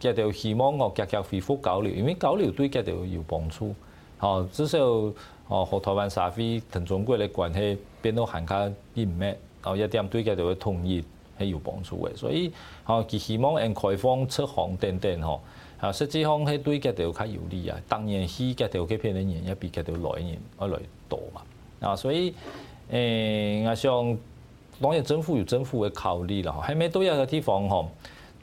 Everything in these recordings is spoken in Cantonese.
吉度希望我加強恢復交流，因為交流對吉度有幫助，嚇至少哦，和台灣社會同中國的關係變到更加緊密，哦一點對吉度嘅統一係有幫助嘅，所以嚇其希望用開放出航等等，啊，實際上係對吉度較有利啊。當然係吉度嘅邊的人也比吉度來年會來多嘛，啊，所以誒、欸，我想當然政府有政府嘅考慮啦，係咪都有嘅地方吼？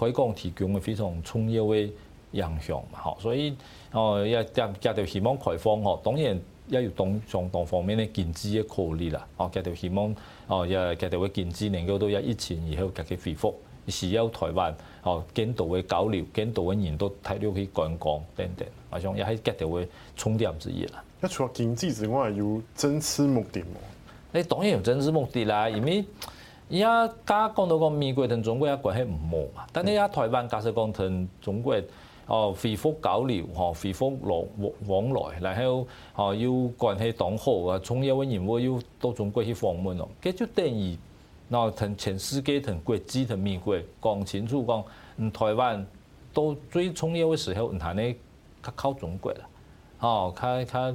可以講提供嘅非常重要嘅影響嘛，嗬，所以誒一啲加條希望開放嗬，當然也有從相當方方面咧經濟嘅考慮啦，哦，加條希望哦，又加條嘅經濟能夠到疫情以後積極恢復，需要台灣哦更多嘅交流，更多嘅人都睇到佢觀光等等，好像也係加條嘅重點之一啦。一除了經濟之外，有政治目的喎？誒，當然有政治目的啦，因為。而家加講到講美國同中國嘅關係唔好嘛，但係而台灣假使講同中國哦恢復交流，吼恢復來往來然後哦要關係當好啊，創業嘅人物要到中國去訪問咯，佢就等於嗱同全世界同國際同美國講清楚講，嗯，台灣都最重要嘅時候唔係你靠中國啦，哦，靠靠。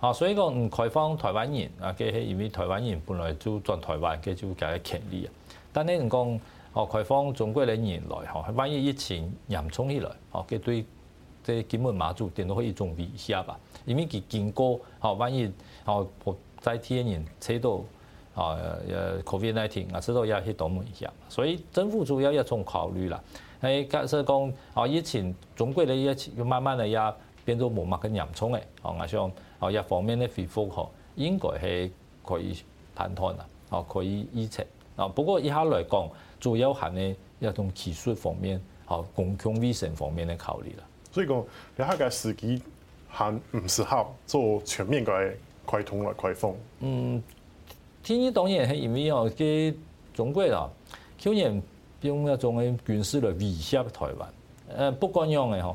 啊，所以講，嗯，開放台灣人，啊，佢係因為台灣人本來就在台灣，佢就第一權利啊。但係你講，哦，開放中國嘅人嚟，嚇，萬一疫情嚴重起來，哦，佢對即係金門馬祖電都可以重維一下吧。因為佢經過嚇，萬一嚇在天然扯到啊，誒，COVID-19 啊，扯到要去多門一下。所以政府主要要從考慮啦。誒，假設講哦，疫情中國嘅疫情要慢慢嚟啊。變咗冇乜嘅人湧嘅，哦我想哦一方面咧恢復嗬，應該係可以談判啦，哦可以議策，哦不過以下嚟講，主要有係呢一種技術方面，哦公共衛生方面的考慮啦。所以講，以下嘅時機行唔適合做全面嘅開通或開放。嗯，天依當然係因為哦，個中國啦，去年用一種嘅軍事嚟威脅台灣，誒不管樣嘅嗬。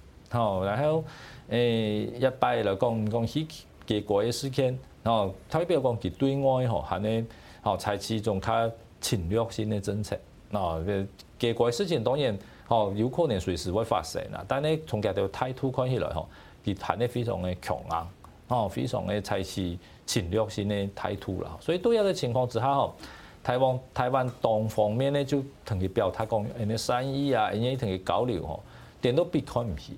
哦，然後，誒，一般來講講起嘅嗰啲事情，哦，特別講，佢對外吼，係呢哦採取一種比較侵略性的政策。哦，嘅嗰啲事情當然哦有可能隨時會發生啦。但係從佢條態度看起來吼佢談呢非常的強硬，哦非常的採取侵略性的態度啦。所以多一個情況之下，吼，台灣台灣當方面咧就同佢表態講人哋善意啊，人哋同佢交流，吼，點都避開唔起。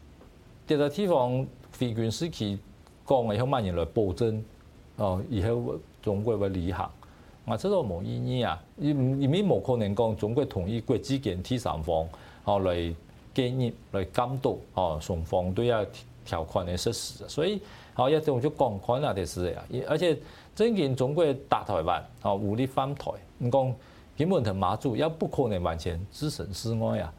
其個地方非軍事區講的向乜嘢來保證？哦，以後中國會履行，我覺得冇意義啊！而而面冇可能講中國同意國之間第三方哦來建議來監督哦雙方對一條款的實施，所以哦一種叫捐款啊的事啊，而且增進中國打台灣哦武力犯台，你講，金門馬祖也不可能完全置身事外啊！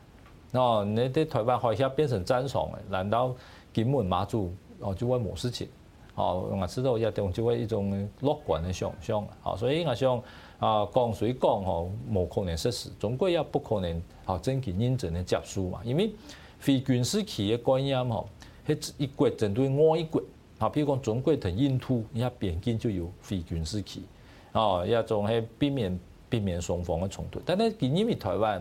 哦，你啲台灣海峽變成戰場嘅，難道金門、馬祖哦就會冇事情？哦，我知道一就會一種樂觀嘅想象。哦，所以我想啊，講誰講吼，冇、哦、可能實施，中國也不可能好、哦、真正認真嘅接觸嘛，因為非軍事區嘅概念吼，係、哦、一國針對另一國，啊、哦，譬如講中國同印度，你下邊境就有非軍事區，哦，一種係避免避免雙方嘅衝突，但係見因為台灣。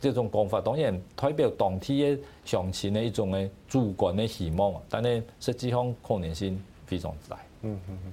這種講法當然代表當天嘅上層嘅一種嘅主觀嘅希望，但係實際上可能性非常大。嗯嗯。嗯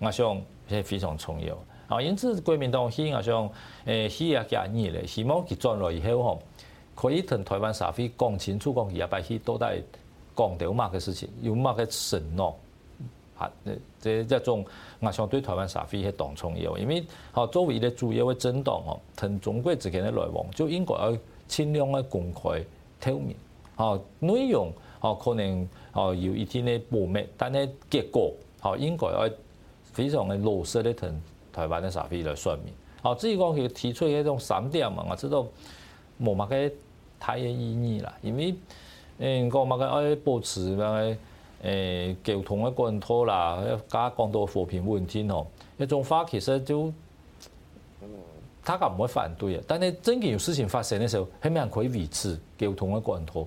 我想係非常重要，啊，因此國民黨希望，誒、欸，希望廿二咧，希望佢轉來以後，吼可以同台灣社會講清楚，講佢阿爸去到底講嘛，乜嘅事情，有乜個承諾嚇，這一種我想對台灣社會係當重要，因為嚇作為一個主要的政黨嚇同中國之間的來往，就應該要盡量的公開透明，嚇內容，嚇、哦、可能嚇有一定的保密，但係結果，嚇應該要。非常老的弱勢咧，同台灣的社會來算明說明。好，至於講提出嘅一種三點嘛，我知道冇乜嘅太有意義、欸、啦。因為，嗯講乜嘅愛保持個誒溝通的貫通啦，加講到扶貧問題咯，一種話其實就，嗯，大家不會反對啊。但係真嘅有事情發生的時候，係咩人可以維持溝通的貫通？